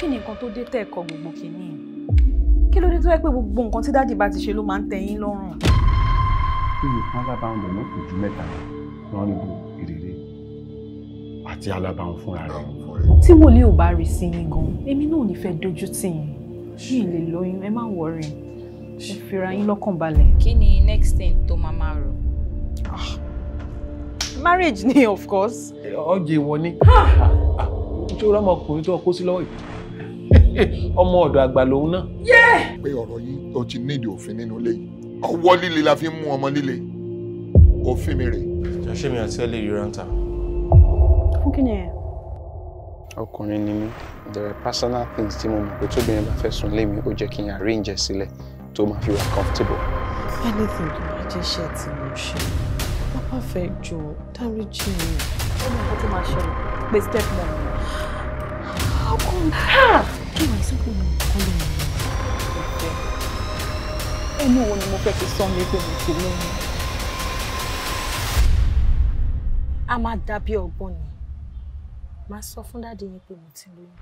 kí ni nǹkan tó dé tẹ́ ẹ̀kọ́ gbogbo kìíní kí ló dé tó yẹ pé gbogbo nǹkan tí dáàdì bá ti ṣe ló máa ń tẹ́ yín lọ́rùn. iye kan alábàáhùn lọ́nà kò ju mẹ́ta lọ́rìnbó ìrèrè àti alábàáhùn fúnra rẹ̀. tí wòlíì ò bá rí sí yín gan èmi náà ò ní fẹ́ dojú tì yín mi ì lè lóyún ẹ má wọrí ẹ fira yín lọ́kàn balẹ̀. kí ni next thing tó máa máa rò. Ah, marriage ni of course. ọjọ́ ìwọ ni ṣé o rọ́mọkùnrin tó kó sí lọ́wọ́ yìí. ọmọ ọ̀dọ̀ àgbà lòun náà. pé ọ̀rọ̀ yìí ó ti nídìí òfin nínú ilé yìí ọwọ́ líle la fi ń mú ọmọ líle òfin mi rè. ṣàṣẹ mi àti ẹlẹ́yìí rántà. fún kí ni ẹ. ọkùnrin ni mí there are personal things tí mo mọ̀ pé tóbìnrin bá fẹ́ sùn lé mi ó jẹ́ kí n arrange ẹ̀ sílẹ̀ tó máa fi wà comfortable. anything tó bá jẹ́ iṣẹ́ tí mo ṣe pápá fẹ́ jọ dáríjì mi ó ní kó tó máa ṣẹlẹ̀ pé step one. pé mi nìkan lè rìn ìfẹ́ ẹnu wo ni mo fẹ́ fi sán mi pé mi kò lóyún. a máa dàbí ọgbọ́n ni màá sọ fún dáàdi yẹn pé mo ti lóyún.